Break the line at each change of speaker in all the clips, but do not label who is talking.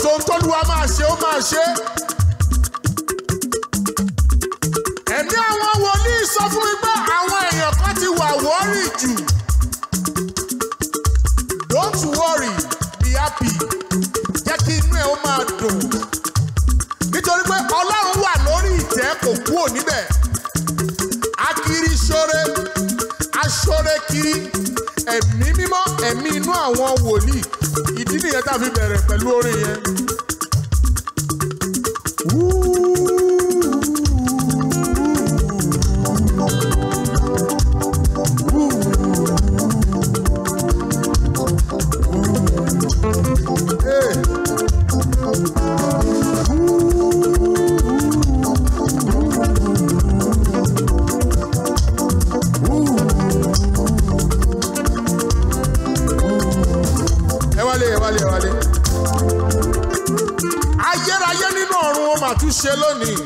tó ń tọ́lúwa máa ṣe ó máa ṣe. ẹ̀mí àwọn wòlíì sọ fún mi pé àwọn èèyàn kan ti wà wọ́ọ̀rì jù. don't worry be happy jẹ́ kí inú ẹ̀ ó máa dùn. nítorí pé ọlọ́run wà lórí ìtẹ́ kò kúrò níbẹ̀. akiri ṣore aṣore kiri ẹ̀mí mímọ́ ẹ̀mí inú àwọn wòlíì ìdí nìyẹn tàbí bẹ̀rẹ̀ pẹ̀lú orin yẹn. àtúnṣe lónìí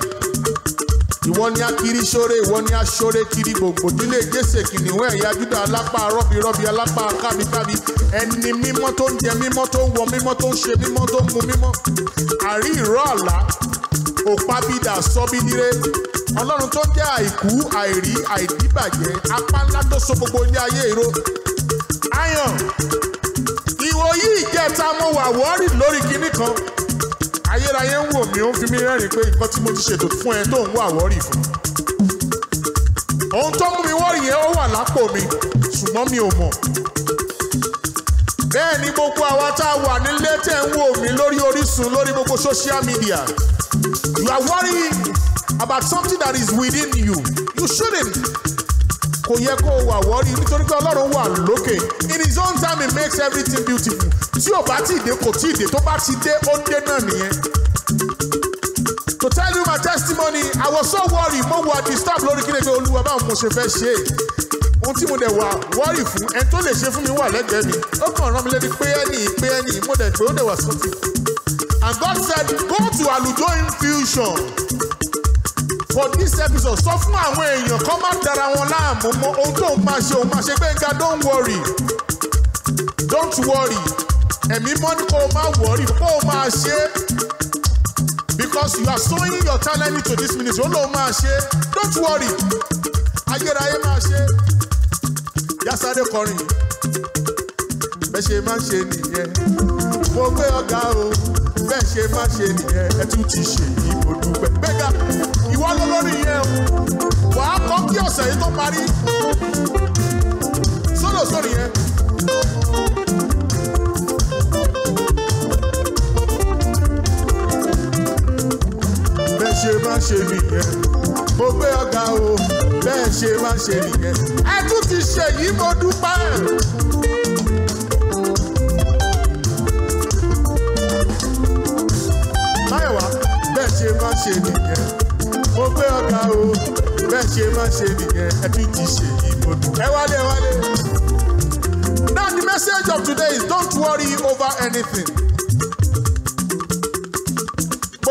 ìwọ ni akiri ṣore ìwọ ni aṣore kiri gbogbo nílé gbèsè kìnìún ẹ̀yà júdà alápá rọ́bìrọ́bì alápá kábíkábí ẹni mímọ́ tó ń jẹ mímọ́ tó ń wọ mímọ́ tó ń ṣe mímọ́ tó ń mu mímọ́ àrí ìró àlá òpábídà sọ́bídire ọlọ́run tó jẹ́ àìkú àìrí àìdíbàjẹ́ apá ńlá tó so gbogbo ilé ayé ìró ayọ̀ ìwòyí ìjẹta mo wà wọ́ọ̀rì lórí kinní kan ayé ń wò mí ó ń fi mí rẹ́rìn pé nǹkan tí mo ti ṣètò fún ẹ tó ń wà wọ́rì fún. ohun tó mú mi wọ́rì yẹn ó wà lápò mi ṣùgbọ́n mi ò mọ̀. bẹ́ẹ̀ ni gbogbo àwa tá a wà nílé tẹ̀ ń wò mí lórí Orísun lórí gbogbo social media. you are worrying about something that is within you you shouldn't kò yẹ kó o wà wọ́rí nítorí pé ọlọ́run wà lókè in his own time he makes everything beautiful tí ò bá ti dé kò tí ì dé tó bá ti dé ó dé náà nìyẹn to tell you my testimony i was so worried mo wà disturb lórí kí ni pé olúwa báwo mo ṣe fẹ́ ṣe ohun tí mo dẹ̀ wà worry fún ẹni tó lè ṣe fún mi wà lẹ́gbẹ̀ẹ́ mi ó kàn rán mi létí pé ẹni pé ẹni mo dẹ̀ pé ó dẹ̀ wà sọ́tì and God said go to alujo infusion for this episode sọ fún àwọn èèyàn kó má dara wọn láàmú mọ́ ohun tó ń máa ṣe òun máa ṣe Gbẹ́ngà don't worry don't worry ẹ̀mí mọ́ ni kó o má worry kó o máa ṣe é because you are sowing your talent into this ministry ó lóun máa ṣe don't worry ayérayé máa ṣe yásáré kọrin bẹ́ẹ̀ ṣe máa ṣe nìyẹn mo gbé ọ̀gá o bẹ́ẹ̀ ṣe máa ṣe nìyẹn ẹ tún ti ṣe yìí mo dúpẹ́ gbẹ́gà ìwọ ló lórí yẹn o wàá kọ́ kí ọ̀sẹ̀ yìí tó parí sólò sórí yẹn. ṣe máa ṣe nìyẹn mo gbé ọ̀gá o bẹ́ẹ̀ ṣe máa ṣe nìyẹn ẹ tún ti ṣe yìí mo dúpẹ́. báyọ̀wá bẹ́ẹ̀ ṣe máa ṣe nìyẹn mo gbé ọ̀gá o bẹ́ẹ̀ ṣe máa ṣe nìyẹn ẹ tún ti ṣe yìí mo dúpẹ́. ẹ wálé ẹ wálé. Now the message of today is don't worry over anything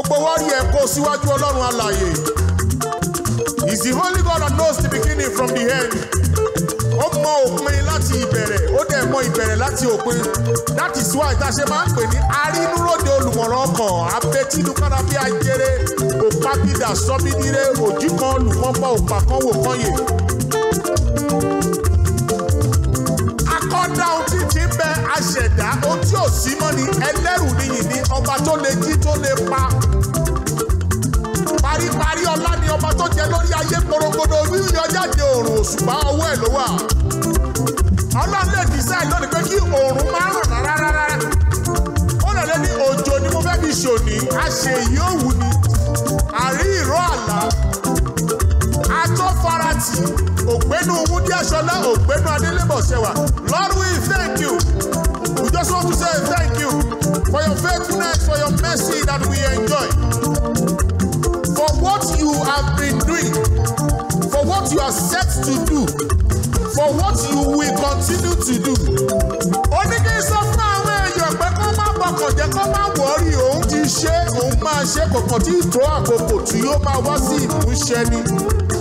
gbogbo wa rí ẹ síwájú ọlọ́run alààyè is the holy God that knows the beginning from the end ó mọ òpin láti ìbẹ̀rẹ̀ ó dẹ̀ mọ ìbẹ̀rẹ̀ láti òpin that is why tá a ṣe máa ń pè ní arínúròde olùmọ̀ràn ọkàn abẹ́tìdúkára bí ajere òpábídà sọ́bídìrẹ́ òjìkan olùmọ́pọ̀ òpàkan wò kọ́yè. akọ́dá ohun tí ti ń bẹ ó tí ò sí mọ́ ni ẹlẹ́rù nìyí ni ọba tó lè jí tó lè pa paríparí ọlá ni ọba tó jẹ lórí ayé porongodo yíyọ jáde òòrùn òṣùpá ọwọ́ ẹ̀ ló wà ọlọ́run lè dísáì lónìí pé kí òòrùn má ràn rárá ó lè lé ní òjò ni mo fẹ́ fi ṣòní àṣẹ èyí ò ni àrí ìró àlá ató faratì ògbénu wúndíàṣọlá ògbénu adélébọ̀ṣẹwà lọ́rùn ìfẹ́ ìdíò just want to say thank you for your faithfulness, for your mercy that we enjoy, for what you have been doing, for what you are set to do, for what you will continue to do. Oníkì sọ fún àwọn èèyàn pé kó má bọkàn jẹ́ kó má wọ́ọ̀rì òun ti ṣe òun máa ṣe kòkàn tó àkókò tí yóò máa wá sí ìmúṣẹ ni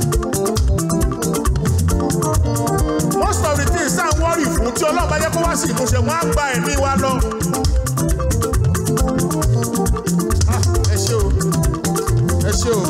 most of the things tá à ń wọ́rì fún tí ọlọ́run bá jẹ́ kó wá sí ìmúṣẹ wọ́n á gba ẹ̀mí wa lọ. Ah, ẹ ṣé o ẹ ṣé o.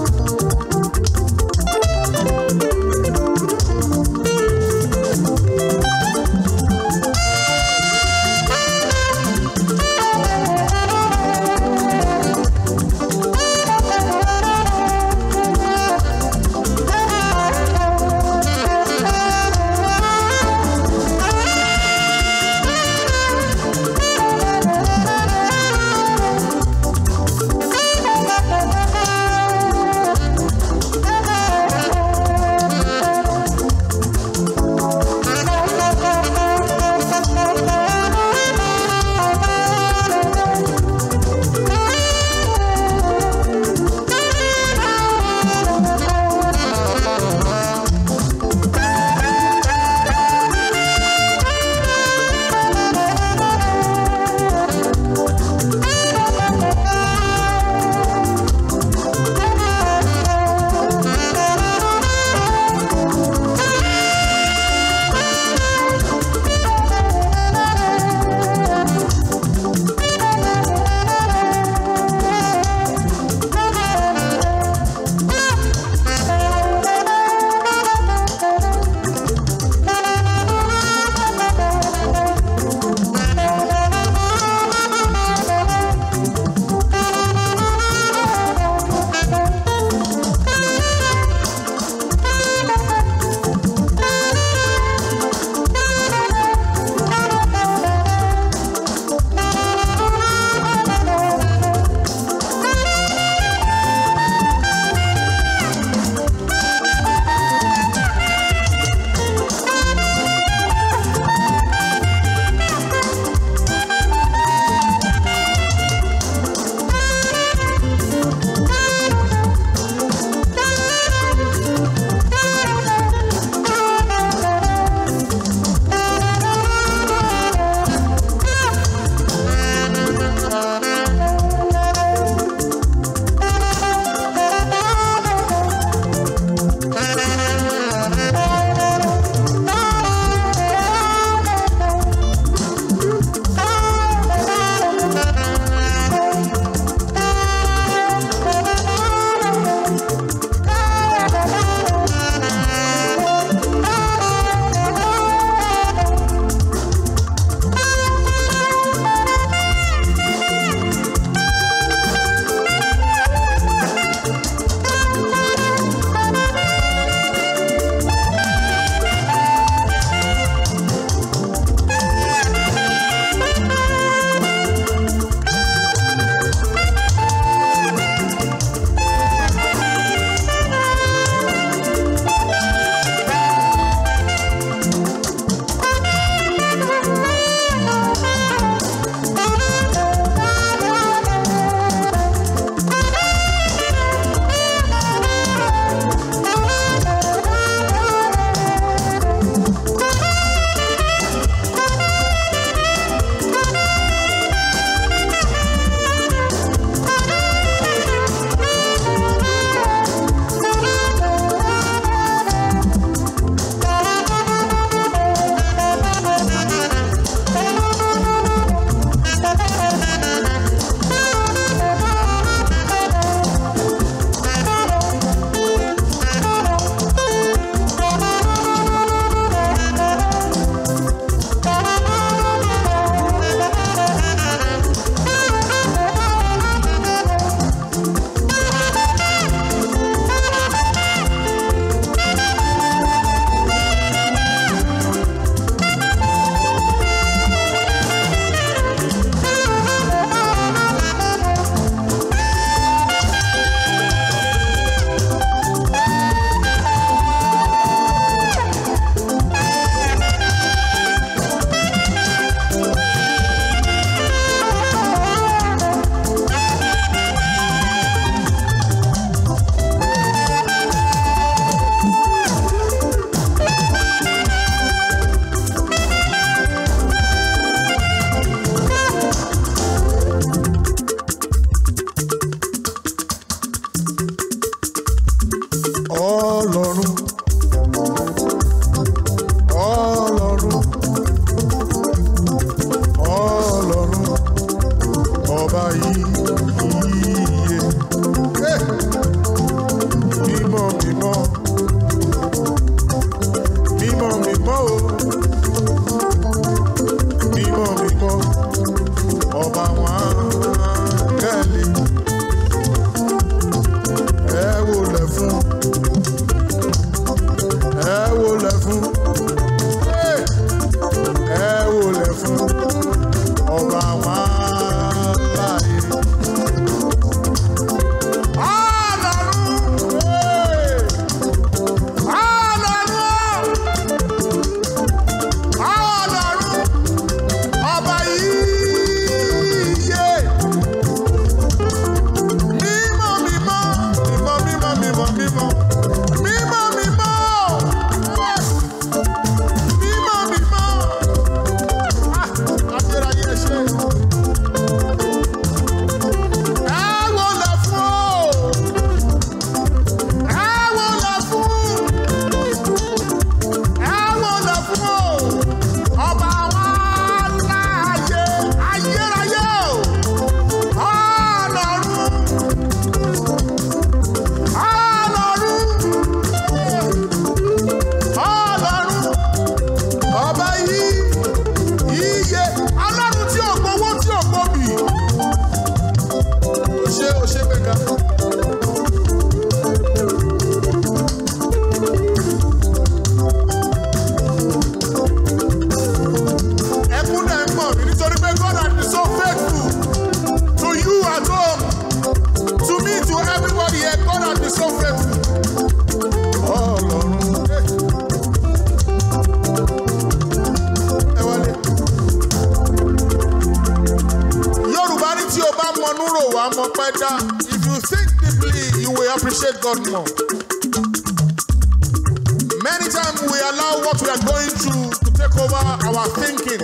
our thinking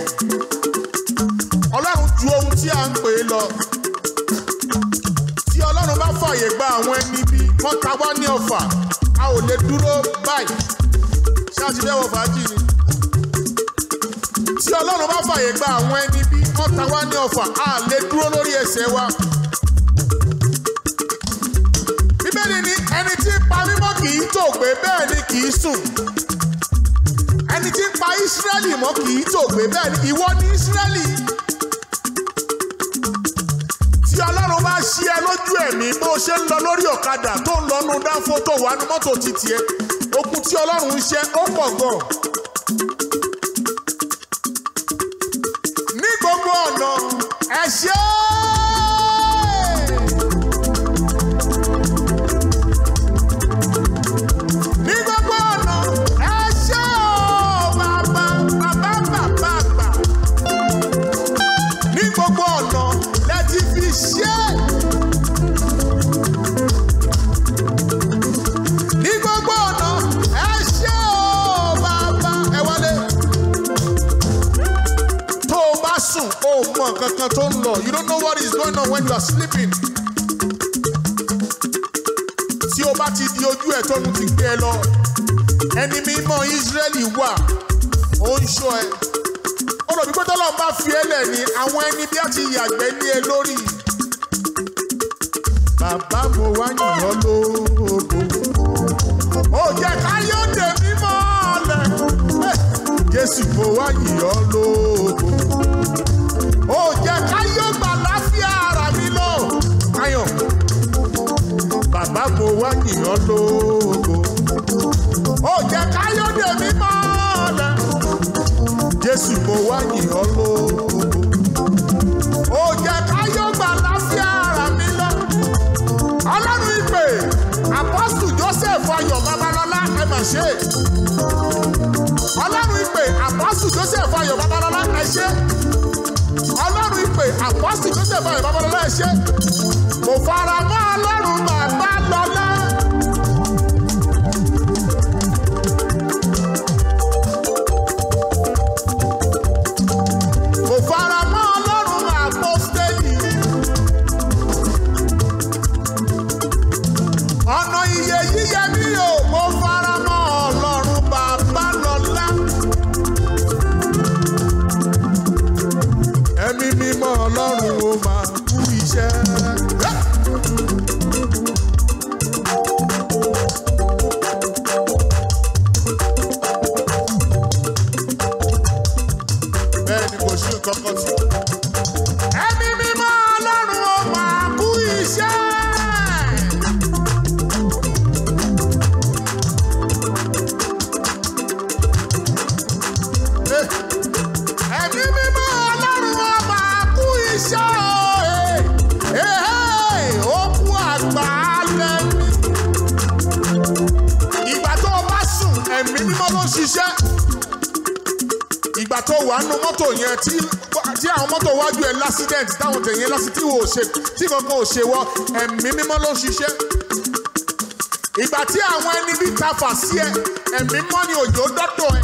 ọlọ́run ju ohun tí a ń pè é lọ tí ọlọ́run bá fààyè gba àwọn ẹni bí wọ́n ta wá ní ọ̀fà a ò lè dúró báyìí ṣáàtìdẹ́wọ̀ fàájì ni tí ọlọ́run bá fààyè gba àwọn ẹni bí wọ́n ta wá ní ọ̀fà a lè dúró lórí ẹsẹ̀ wa. bíbélì ni ẹni tí pa mímọ́ kì í tòògbé bẹ́ẹ̀ ni kì í sùn pa Ísírẹ́lì mọ́ kì í tògbé bẹ́ẹ̀ ni ìwọ ni Ísírẹ́lì tí Ọlọ́run bá ṣí ẹ lójú ẹ̀mí bó ṣe ń lọ lórí ọ̀kadà tó ń lọ́nu dáńfó tó wà ní mọ́tò títì ẹ okun tí Ọlọ́run ṣe ó pọ̀ gan. ní gbogbo ọ̀nà ẹ ṣe é. nǹkan you don't know what is going on when you are sleeping. tí o bá ti di ojú ẹ̀ tó ń ti gbé ẹ lọ ẹni mímọ́ Ísírẹ́lì wà ó ń ṣọ́ ẹ olùdókòwò tó lọ́n bá fi ẹ́ lẹ̀ ni àwọn ẹni bí a ti yàgbẹ́ ní ẹ lórí. bàbá mo wá yàn ọ́ lóògùn. ó jẹ́ káyọ̀dé mímọ́ ọ̀lẹ̀. jésù mo wá yàn lóògùn ó jẹ́ káyọ̀ gbà láfíà ara mi lọ. ayọ̀ bàbá mo wá nìyàn lógo ó jẹ́ káyọ̀ dèmí mọ́ ọ̀nà jésù mo wá nìyàn lógo ó jẹ́ káyọ̀ gbà láfíà ara mi ọlọ́run ìpè apọ́sù joseph ayọ̀ babalọ́lá ẹ̀ mà ṣe ọlọ́run ìpè apọ́sù joseph ayọ̀ babalọ́lá ẹ̀ ṣe àpọ́sì tó tẹ̀ báyìí babalọ́lá ẹ̀ ṣe kò fara mọ́ alẹ́. bẹ́ẹ̀ ni kò sí nǹkan kan sí. ẹ̀mí mímọ́ ọlọ́run ó máa iṣẹ́. tó wà nù mọ́tò yẹn tí àwọn mọ́tò wájú ẹ̀ lásìdẹ̀ǹt táwọn tẹ̀yìn lásì wò ṣe tí kankan ò ṣe wọ ẹ̀mí mímọ́ ló ṣiṣẹ́. ìgbà tí àwọn ẹni bí ta fà sí ẹ ẹ̀mí mọ́ ni òjò dọ́tọ̀ ẹ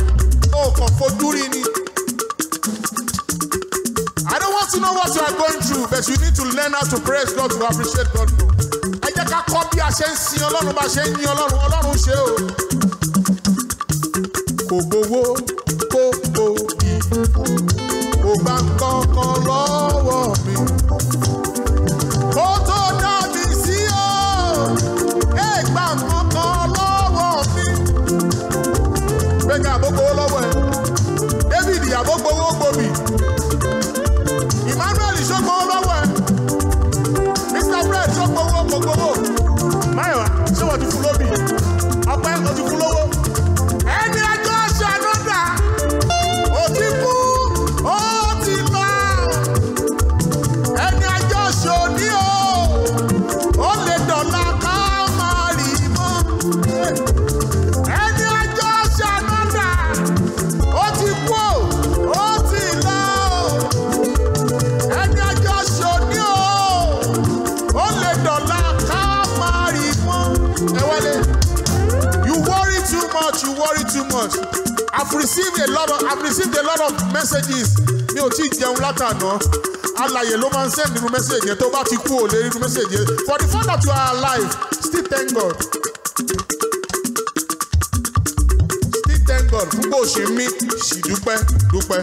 ó kàn fojú rí ni. I don't want to know what you are going through but you need to learn how to praise God to appreciate God more. ẹ jẹ́ ká kọ́ bí a ṣe ń sin Ọlọ́run bá ṣe ń yin Ọlọ́run Ọlọ́run ṣe o. kò gbowó. have received a lot of messages mi ò tí ì jẹun látàná alàyè ló máa ń send nínú message yẹn tó bá ti kú ò lè nínú message yẹn for the fact that you are alive still thank God still thank God fún bó ṣe mí ṣì dúpẹ́ dúpẹ́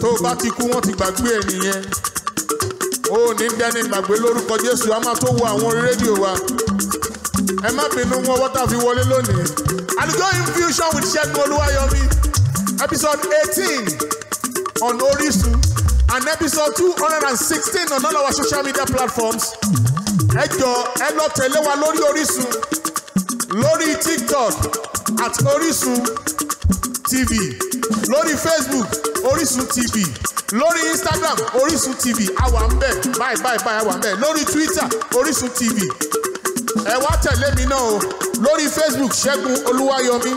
tó bá ti kú wọ́n ti gbàgbé ẹ̀ nìyẹn ó ní dẹ́ni gbàgbé lórúkọ Jésù a máa tó wo àwọn rédíò wa ẹ má bínú wọn wọ́tà fi wọlé lónìí Àlùjọ Infusion with Ṣẹ́gun Olúwayọ̀mí episode eighteen on Orisun and episode two hundred and sixteen on all our social media platforms. Ẹ jọ ẹ lọ tẹ̀lé wa lórí Orisun lórí TikTok at Orisun TV lórí Facebook Orisun TV lórí Instagram Orisun TV àwa ń bẹ̀ báyìí báyìí báyìí àwa ń bẹ̀ lórí Twitter Orisun TV ẹ wá tẹ̀lé mi náà o lórí Facebook Ṣẹ́gun Olúwayọmí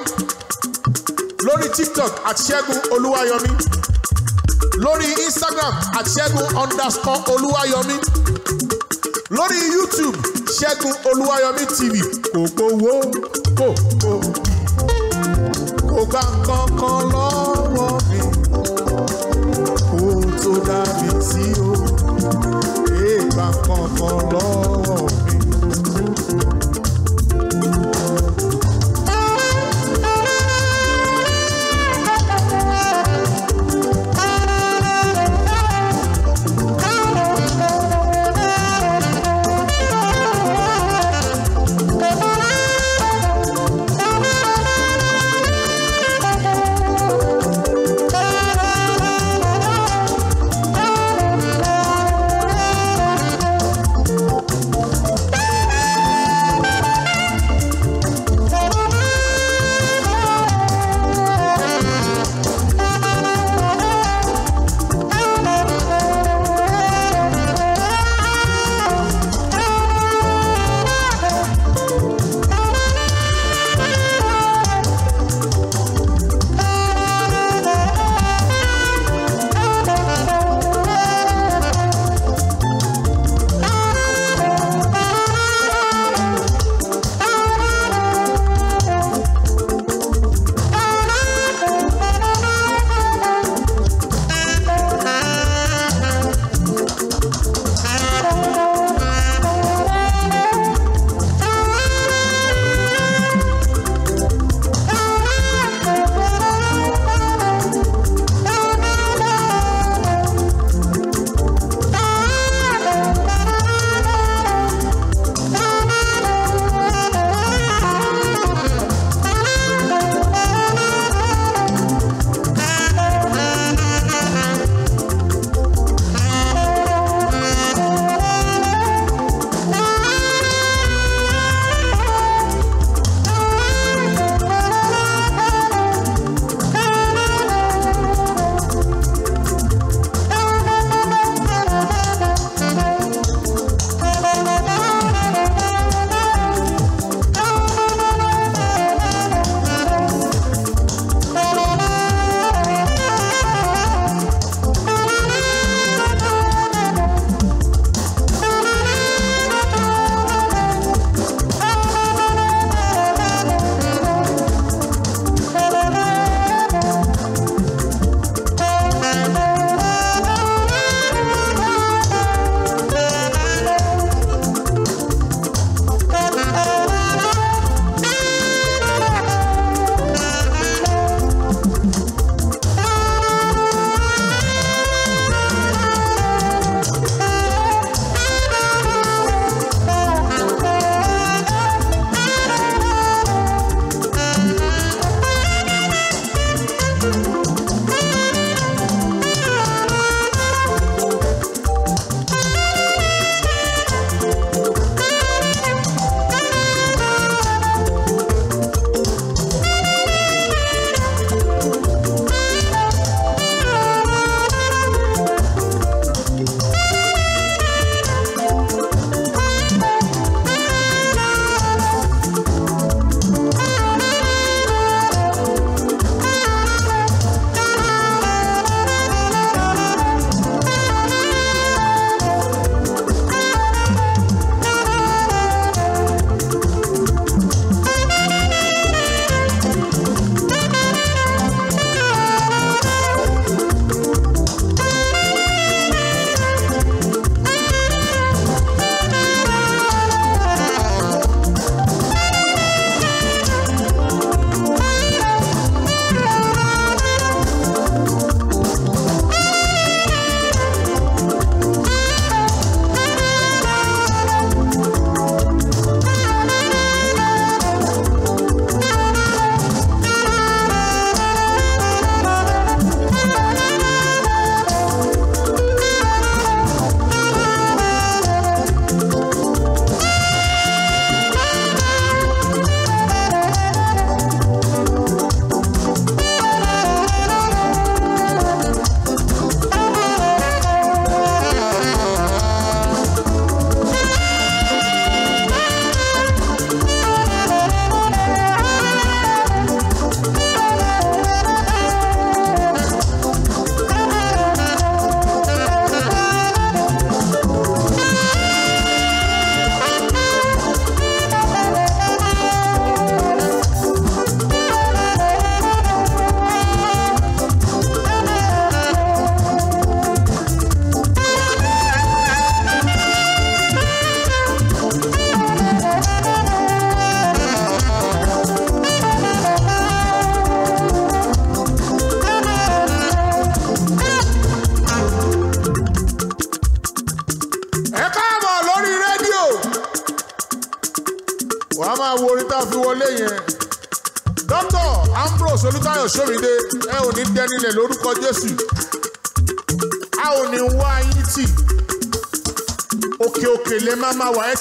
lórí tiktok at ṣẹ́gun olúwayọ̀mí lórí instagram at ṣẹ́gun underscore olúwayọ̀mí lórí youtube ṣẹ́gun olúwayọ̀mí tv kò gbowó kò kò kò gbà kankan lọ́wọ́ mi kò tó dàbí sí o èèbà kankan lọ́wọ́ mi.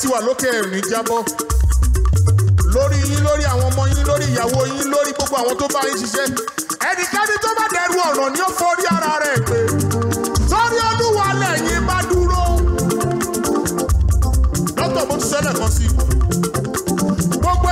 ti wà lókè ẹ̀rù ní jábọ́ lórí yín lórí àwọn ọmọ yín lórí ìyàwó yín lórí gbogbo àwọn tó bá yín ṣiṣẹ́ ẹnikẹ́ni tó bá dẹrù ọ̀nà ni ó forí ara rẹ̀ pé sórí olúwa lẹ́yìn bá dúró. dókítà mo ti sọ ẹ́ sí gbogbo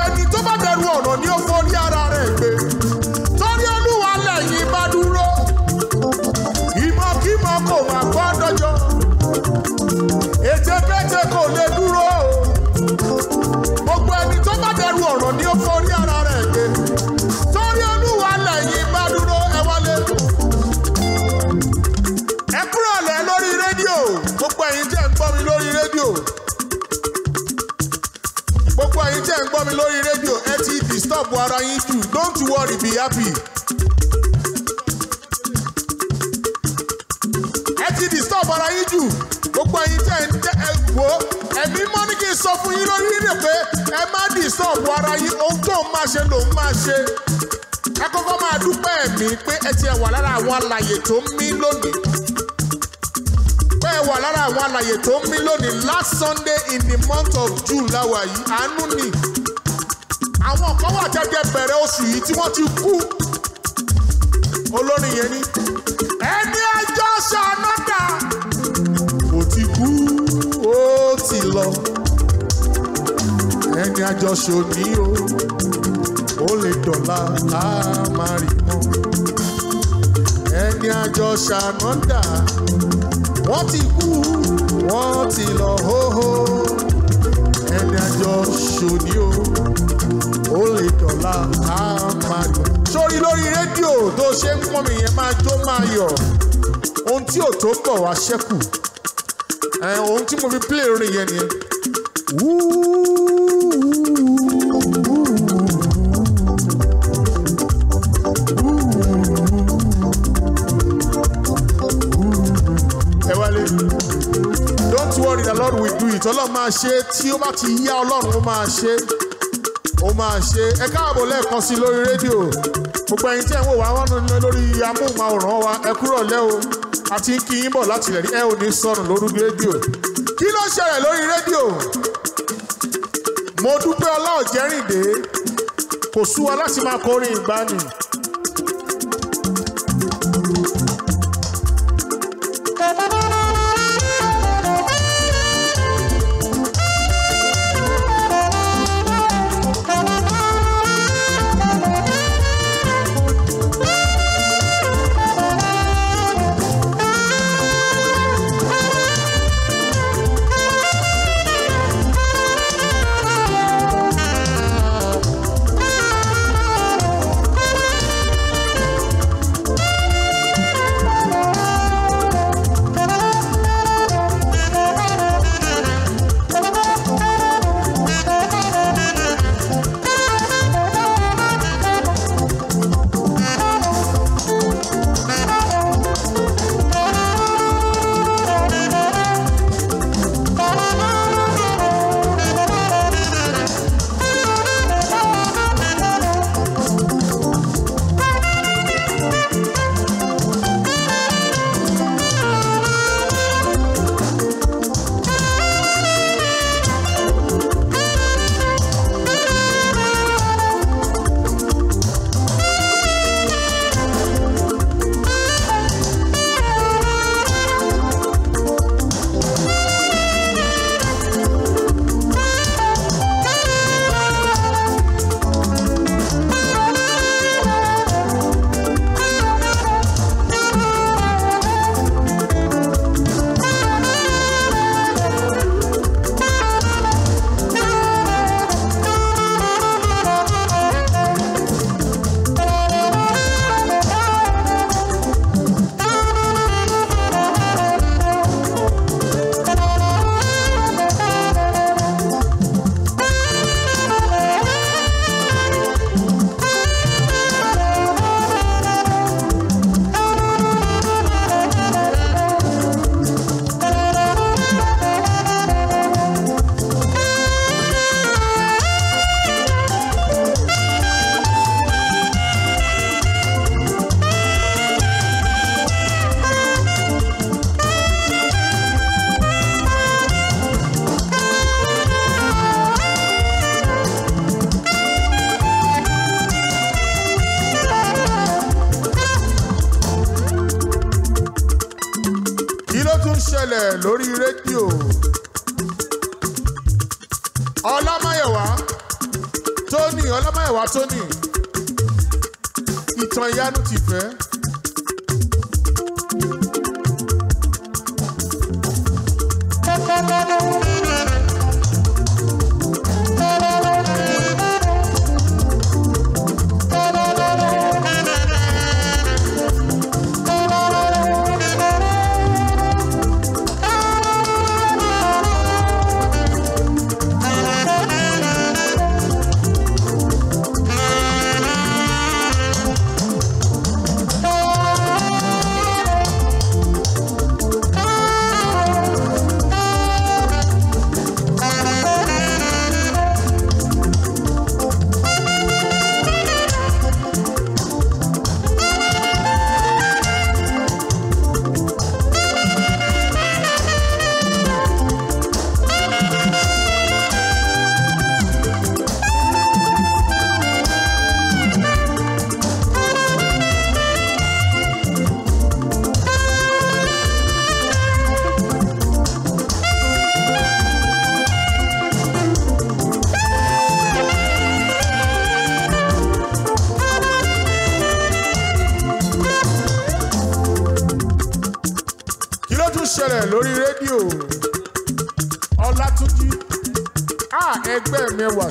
worry, be happy. ẹ ti disturb ara yín jù gbogbo ẹ̀yin tẹ́ ń tẹ́ ẹ wò ó ẹ̀mí mọ́ ní kí n sọ fún yín lórí rẹ̀ pé ẹ má disturb ara yín ohun tó ń máa ṣe lòun máa ṣe ẹ kọ́kọ́ máa dúpẹ́ ẹ̀mí pé ẹ ti ẹ̀ wà lára àwọn alàyè tó ń mí lónìí wà lára àwọn alàyè tó ń mí lónìí last Sunday in the month of June láwa yìí àánú ni àwọn kan wà jẹjẹ bẹ̀rẹ̀ oṣù yìí tí wọ́n ti kú olórin yẹn ni ẹni ẹjọ́ ṣànádà kò ti kú ó ti lọ ẹni àjọṣe òní o ó lè dọ̀la á máa rí mọ́ ẹni àjọṣe ànádà wọ́n ti kú wọ́n ti lọ hóhó àjọ ṣòní o ó lè dọ̀la á máa yọ̀. sórí lórí rédíò tó ṣe ń pọ́n mi yẹn máa jó máa yọ̀ ohun tí ò tó pọ̀ wá ṣẹ́kù ohun tí mo fi play orin yẹn nìyẹn. God will do it ọlọ́run máa ṣe tí ó bá ti yá ọlọ́run ó máa ṣe ó máa ṣe ẹ káàbọ̀ lẹ́ẹ̀kan sí lórí rédíò gbogbo ẹ̀yin tí ẹ̀ ń wò wá wọ́n nù lórí amóhùnmáwòrán wa ẹ kúrò lẹ́ o àti kí yín bọ̀ láti rẹ̀ ní ẹ ò ní sọnù lórí rédíò kí ló ṣẹlẹ̀ lórí rédíò mo dúpẹ́ ọlá kò sú wa láti máa kọrin ìgbani.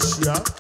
Russia.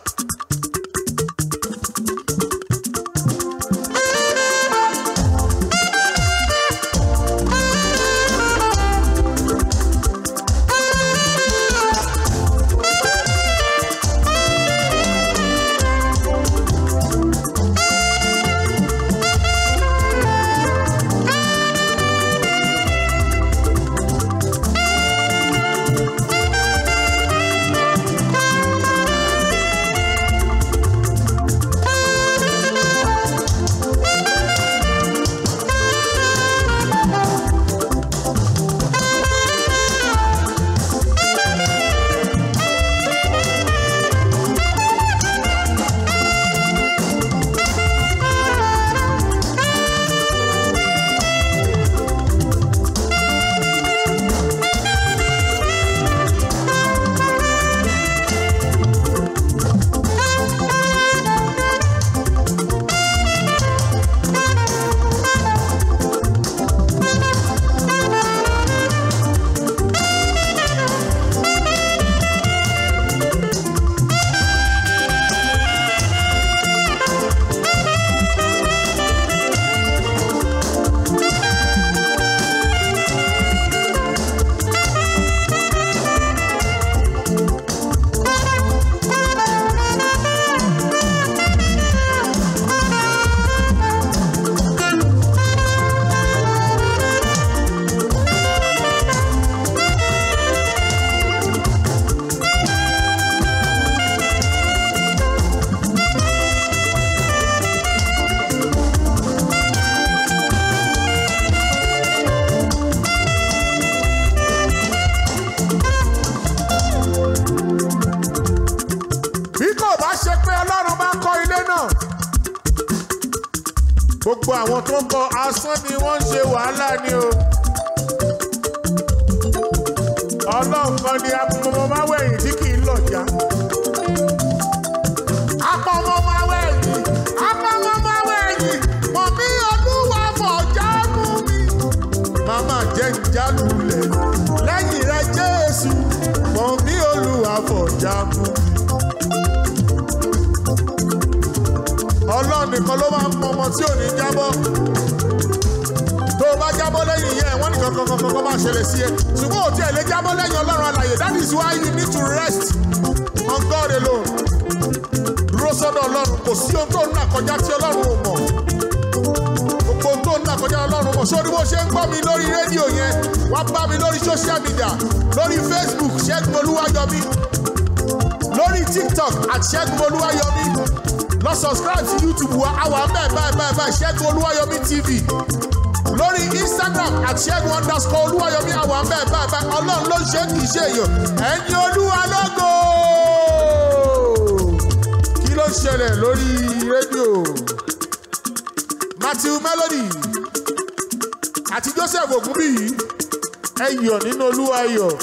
bọ́ tó o bá jábọ́ lẹ́yìn yẹn wọ́n nìkan kankan kankan máa ṣẹlẹ̀ sí ẹ ṣùgbọ́n òtí ẹ̀ lè jábọ́ lẹ́yìn ọlọ́run alàyè that is why you need to rest on God alone dúró sọ́dọ̀ ọlọ́run kò sí ohun tó ń nà kọjá tí ọlọ́run ò mọ̀ gbogbo ohun tó ń nà kọjá ọlọ́run mọ̀ sórí bó ṣe ń gbọ́ mi lórí rédíò yẹn wá bá mi lórí social media lórí Facebook Ṣẹ́gun Olúwayọ̀mí lórí TikTok àti Ṣẹ́gun Olúwayọ̀mí lọ subscribe sí YouTube wa àwa bẹ́ẹ̀ bẹ́ẹ̀ bẹ́ẹ̀ bẹ́ẹ̀ Ṣẹ́gun Olúwayọ̀mí TV lórí Instagram àti Ṣẹ́gun underscore Olúwayọ̀mí àwa bẹ́ẹ̀ bẹ́ẹ̀ bẹ́ẹ̀ ọlọ́run ló ṣe kì í ṣe èèyàn ẹ̀yin olúwa lógo kí ló ṣẹlẹ̀ lórí rédíò Matthew Melody àti Joseph Ògúnbíyì ẹ yọ̀ nínú Olúwa ẹ yọ̀.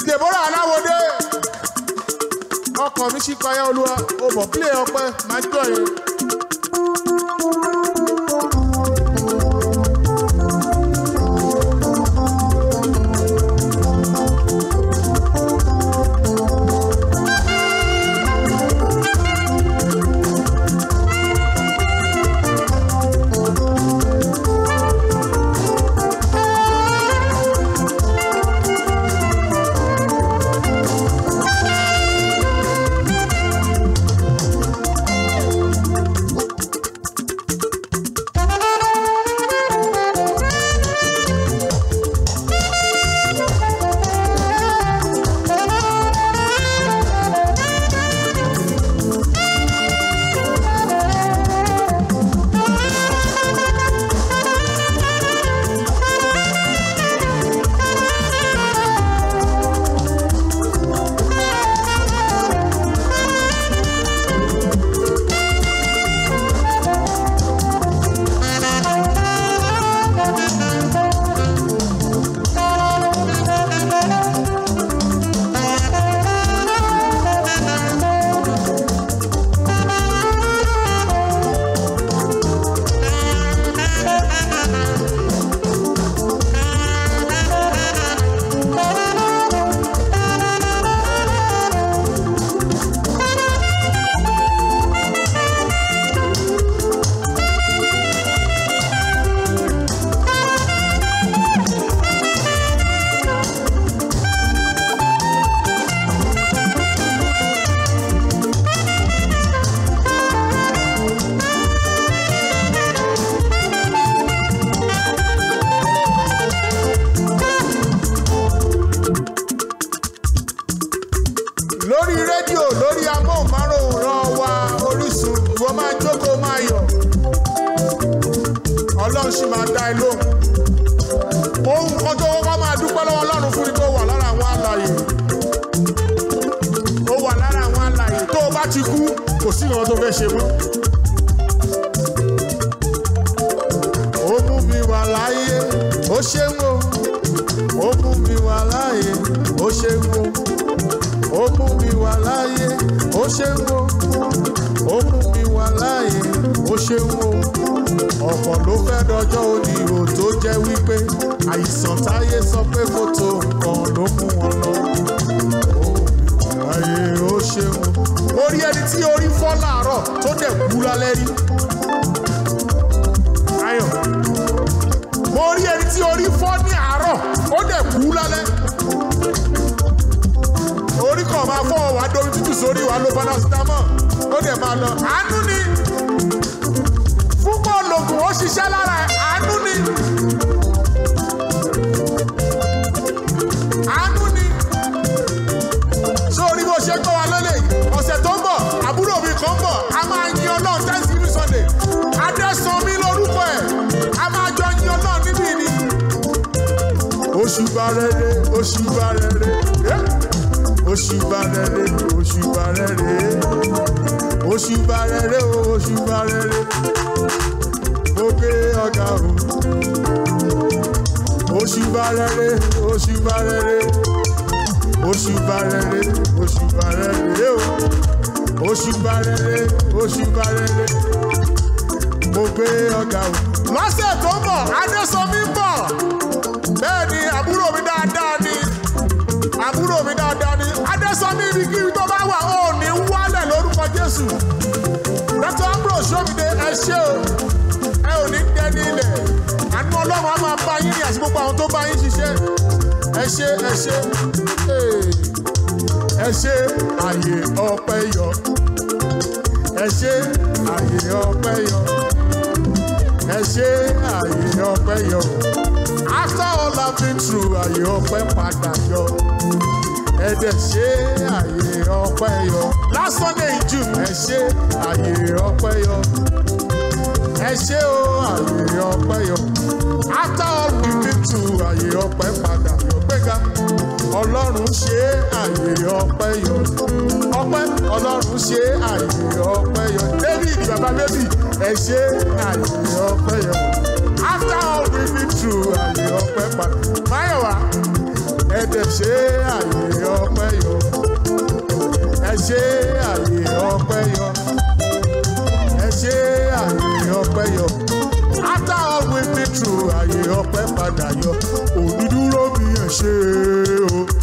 miss deborah aláwọdé ọkàn mi ṣì payá olúwa o mọ̀ pílẹ̀ ọpẹ́ máa sórí wa ló paracetamol ó dẹ̀ máa lọ àánú ni púpọ̀ lògùn ó ṣiṣẹ́ lára ẹ̀ àánú ni. àánú ni sórí bó ṣe gbọ́ wa lọ́lẹ̀ ọ̀sẹ̀ tó ń bọ̀ àbúrò mi kan bọ̀ a máa yin ọlọ́run thanksgiving sunday adẹ́sànmi lórúkọ ẹ̀ a máa jọ yin ọlọ́run níbí ni. oṣù bá rere oṣù bá rere òṣùbà rere òṣùbà rere òṣùbà rere òṣùbà rere mo gbé o òṣùbà rere òṣùbà rere òṣùbà rere òṣùbà rere o òṣùbà rere òṣùbà rere mo gbé ọ̀gá o. lọ́sẹ̀ tó ń bọ̀ adésọmí ni àbúrò mi dáadáa ni àbúrò mi dáadáa níbi kí tó bá wà ó ní wálẹ̀ lórúkọ Jésù Dr. Ambrose Somide ẹ ṣé o ẹ ò ní dẹni ilẹ̀ àánú Ọlọ́run á máa bá yín ní àsìkò àwọn tó bá yín ṣiṣẹ́ ẹ ṣé ẹ ṣé ẹ ṣé àyè ọpẹ́ yọ ẹ ṣé àyè ọpẹ́ yọ ẹ ṣé àyè ọpẹ́ yọ after all I've been through àyè ọpẹ́ padà yọ ẹ̀dẹ̀ ṣe àyè ọpẹ́ yọ. lásán lè jù ẹ ṣe àyè ọpẹ́ yọ. ẹ ṣe o àyè ọpẹ́ yọ. after all we need to àyè ọpẹ́ padà yọ gbéga. ọlọ́run ṣe àyè ọpẹ́ yọ. ọpẹ́ ọlọ́run ṣe àyè ọpẹ́ yọ. david baba baby ẹ ṣe àyè ọpẹ́ yọ. after all we need to àyè ọpẹ́ padà. máyọ̀wá ẹ̀dẹ̀ ṣe àyè ọpẹ́ yọ ẹ ṣe àyè ọpẹ́ yọ ẹ ṣe àyè ọpẹ́ yọ after all we been through àyè ọpẹ́ padà yọ òdúdúró bí ẹ ṣe o.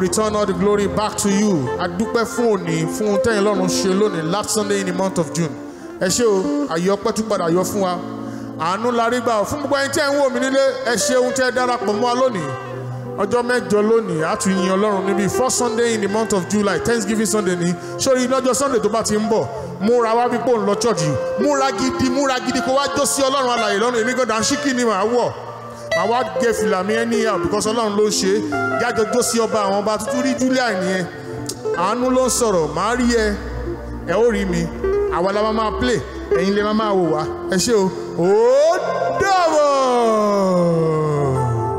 will return all the glory back to you adúpẹ́ fún òní fún ohun tẹ́yìn lọ́run ṣe lónìí last Sunday in the month of June ẹ ṣé o àyè ọpẹ́ tún padà yọ fún wa àánú la rí gbà fún gbogbo ẹ̀yin tẹ́ ń wò mí nílé ẹ ṣé ohun tẹ́ darapọ̀ mọ́ wa lónìí ọjọ́ mẹ́jọ lónìí a tún yin ọlọ́run níbi first sunday in the month of july thanksgiving sunday ni sórí lọ́jọ́ sunday tó bá ti ń bọ̀ múra wá wípé òun lọ church múra gidi múra gidi kó wá jó sí ọlọ́run alààyè lọ́run èmi gan-an ṣíkì ni màá wọ̀ àwa gé fìlàmì ẹni àbùkọ́sọ ọlọ́run ló ń ṣe jájọ jó sí ọba àwọn ọba tuntun rí julia nìyẹn àánú ló ń sọ̀rọ̀ màá rí ẹ ẹ ó rí mi àwa la máa máa play ẹ̀yin lè máa máa wò wá ẹ ṣé o